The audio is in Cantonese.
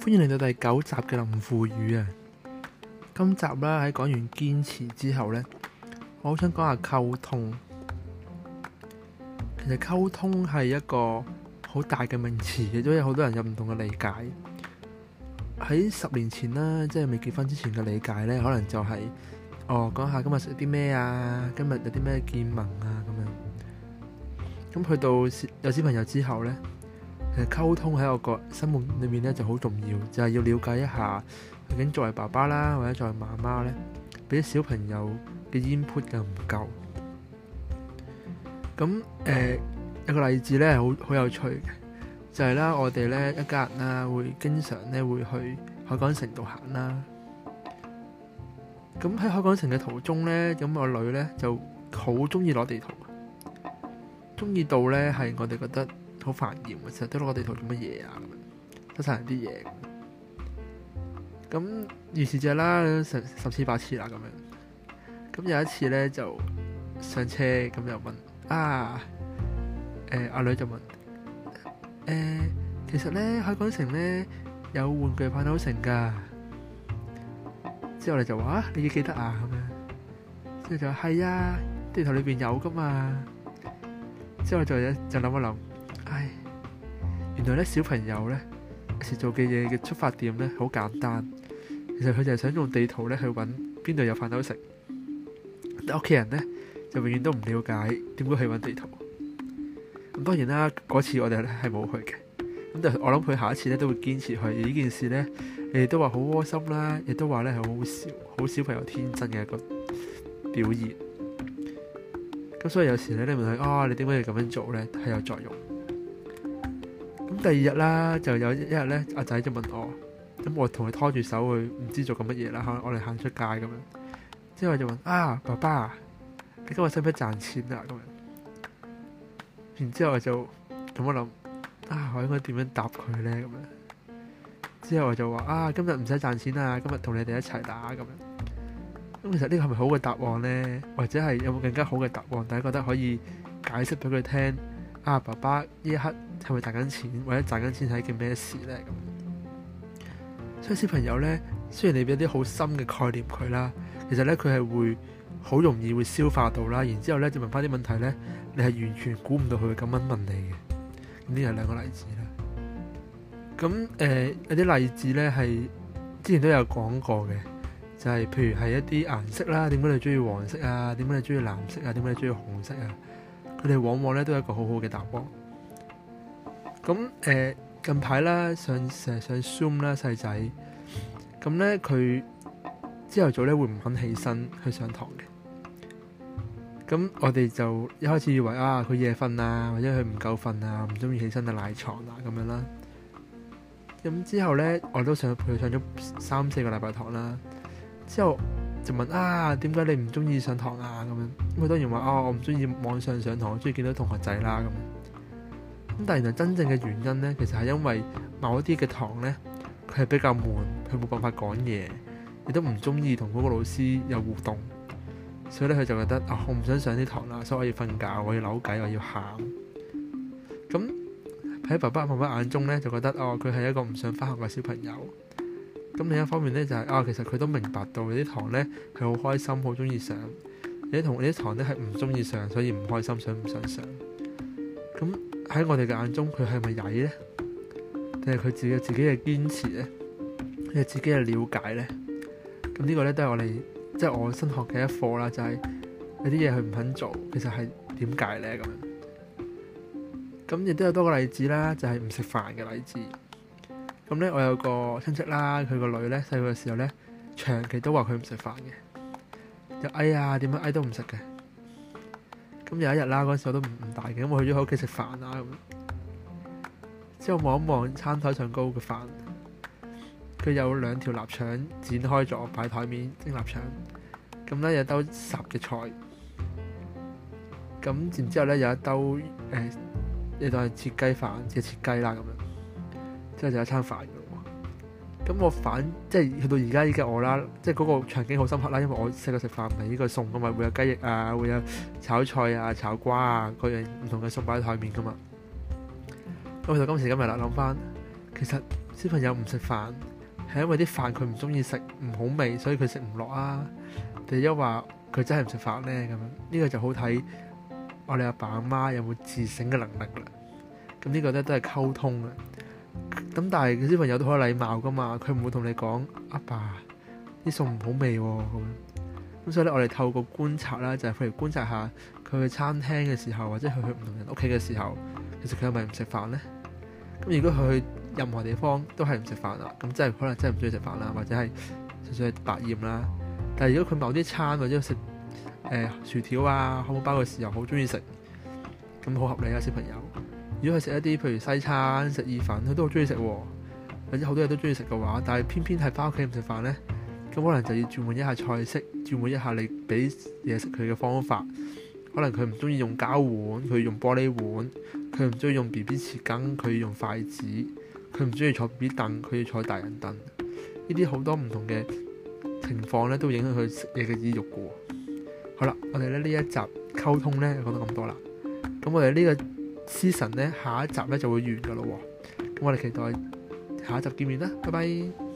歡迎嚟到第九集嘅林父語啊！今集啦，喺講完堅持之後呢，我好想講下溝通。其實溝通係一個好大嘅名詞，亦都有好多人有唔同嘅理解。喺十年前啦，即係未結婚之前嘅理解呢，可能就係哦，講下今日食咗啲咩啊，今日有啲咩見聞啊咁樣。咁去到有小朋友之後呢。誒溝通喺我個心目裏面咧就好重要，就係要了解一下究竟作為爸爸啦，或者作為媽媽咧，俾小朋友嘅 input 又唔夠。咁誒一個例子咧，好好有趣嘅，就係咧我哋咧一家人啦，會經常咧會去海港城度行啦。咁喺海港城嘅途中咧，咁我女咧就好中意攞地圖，中意到咧係我哋覺得。好煩厭啊！成日都攞個地圖做乜嘢啊？得曬人啲嘢咁，如是者啦，成十次八次啦咁樣。咁有一次咧，就上車咁又問啊，誒阿女就問誒，其實咧海港城咧有玩具反斗城㗎。之後我哋就話啊，你要記得啊咁樣。之後就係啊，地圖裏邊有㗎嘛。之後我再就諗一諗。唉、哎，原來咧小朋友咧，一次做嘅嘢嘅出發點咧好簡單，其實佢就係想用地圖咧去揾邊度有飯斗食。但屋企人咧就永遠都唔了解點解去揾地圖。咁當然啦，嗰次我哋咧係冇去嘅。咁但我諗佢下一次咧都會堅持去。而呢件事呢，你哋都話好窩心啦，亦都話咧係好好笑，好小朋友天真嘅一個表現。咁所以有時咧，你問佢啊，你點解要咁樣做咧？係有作用。咁第二日啦，就有一日咧，阿仔就問我，咁我同佢拖住手去，唔知做緊乜嘢啦，可能我哋行出街咁樣。之後我就問：啊，爸爸，你今日使唔使賺錢啊？咁樣。然之後我就咁一諗：啊，我應該點樣答佢咧？咁樣。之後我就話：啊，今日唔使賺錢啊，今日同你哋一齊打咁樣。咁其實呢個係咪好嘅答案咧？或者係有冇更加好嘅答案？大家覺得可以解釋俾佢聽。啊！爸爸呢一刻係咪賺緊錢，或者賺緊錢係一件咩事呢？所以小朋友呢，雖然你俾啲好深嘅概念佢啦，其實呢，佢係會好容易會消化到啦。然之後咧，就問翻啲問題呢，你係完全估唔到佢會咁樣問你嘅。呢係兩個例子啦。咁誒、呃，有啲例子呢，係之前都有講過嘅，就係、是、譬如係一啲顏色啦。點解你中意黃色啊？點解你中意藍色啊？點解你中意紅色啊？佢哋往往咧都有一個好好嘅答案。咁誒、呃、近排咧上成上 Zoom 啦，呃、Zoom，細仔，咁咧佢朝頭早咧會唔肯起身去上堂嘅。咁我哋就一開始以為啊佢夜瞓啊，或者佢唔夠瞓啊，唔中意起身啊賴床啊咁樣啦。咁之後咧我都上去陪佢上咗三四個禮拜堂啦，之後。就問啊點解你唔中意上堂啊咁樣？佢當然話哦，我唔中意網上上堂，我中意見到同學仔啦咁。咁但係原來真正嘅原因呢，其實係因為某一啲嘅堂呢，佢係比較悶，佢冇辦法講嘢，亦都唔中意同嗰個老師有互動，所以咧佢就覺得啊、哦，我唔想上啲堂啦，所以我要瞓覺，我要扭計，我要喊。咁喺爸爸媽媽眼中呢，就覺得哦，佢係一個唔想翻學嘅小朋友。咁另一方面咧、就係，就係啊，其實佢都明白到你啲堂咧，佢好開心，好中意上；你啲同你啲堂咧，係唔中意上，所以唔開心，想唔想上？咁喺我哋嘅眼中，佢係咪曳咧？定係佢自己自己嘅堅持咧？定係自己嘅了解咧？咁呢個咧都係我哋即係我新學嘅一課啦，就係有啲嘢佢唔肯做，其實係點解咧？咁樣咁亦都有多個例子啦，就係唔食飯嘅例子。咁咧，我有個親戚啦，佢個女咧，細個嘅時候咧，長期都話佢唔食飯嘅，就哎呀點樣哎都唔食嘅。咁有一日啦，嗰陣時我都唔唔大嘅，咁我去咗佢屋企食飯啦咁。之後望一望餐台上高嘅飯，佢有兩條臘腸剪開咗擺台面蒸臘腸，咁咧有兜十嘅菜，咁然之後咧有一兜誒，呢度係切雞飯，即係切雞啦咁樣。即係就一餐飯嘅咯。咁、嗯、我反即係去到而家依家我啦，即係嗰個場景好深刻啦。因為我細個食飯唔係呢個餸咁咪會有雞翼啊，會有炒菜啊、炒瓜啊，各樣唔同嘅餸擺喺台面嘅嘛。咁、嗯、到今時今日啦，諗翻其實小朋友唔食飯係因為啲飯佢唔中意食，唔好味，所以佢食唔落啊。第一話佢真係唔食飯咧咁？呢個就好睇我哋阿爸阿媽有冇自省嘅能力啦。咁呢個咧都係溝通啊。咁但係小朋友都好有禮貌噶嘛，佢唔會同你講，阿爸啲餸唔好味咁、啊，咁所以咧我哋透過觀察啦，就係、是、譬如觀察下佢去餐廳嘅時候，或者佢去唔同人屋企嘅時候，其實佢係咪唔食飯呢？咁如果佢去任何地方都係唔食飯啊，咁即係可能真係唔中意食飯啦，或者係純粹係百厭啦。但係如果佢某啲餐或者食誒、欸、薯條啊漢堡包嘅時候好中意食，咁好合理啊小朋友。如果佢食一啲譬如西餐、食意粉，佢都好中意食喎，或者好多嘢都中意食嘅話，但係偏偏係翻屋企唔食飯呢，咁可能就要轉換一下菜式，轉換一下你俾嘢食佢嘅方法。可能佢唔中意用膠碗，佢用玻璃碗；佢唔中意用 B B 匙羹，佢要用筷子；佢唔中意坐 B B 凳，佢要坐大人凳。呢啲好多唔同嘅情況呢，都影響佢食嘢嘅意欲喎。好啦，我哋呢一集溝通呢講到咁多啦，咁我哋呢個。思神咧，下一集咧就會完㗎咯喎，咁我哋期待下一集見面啦，拜拜。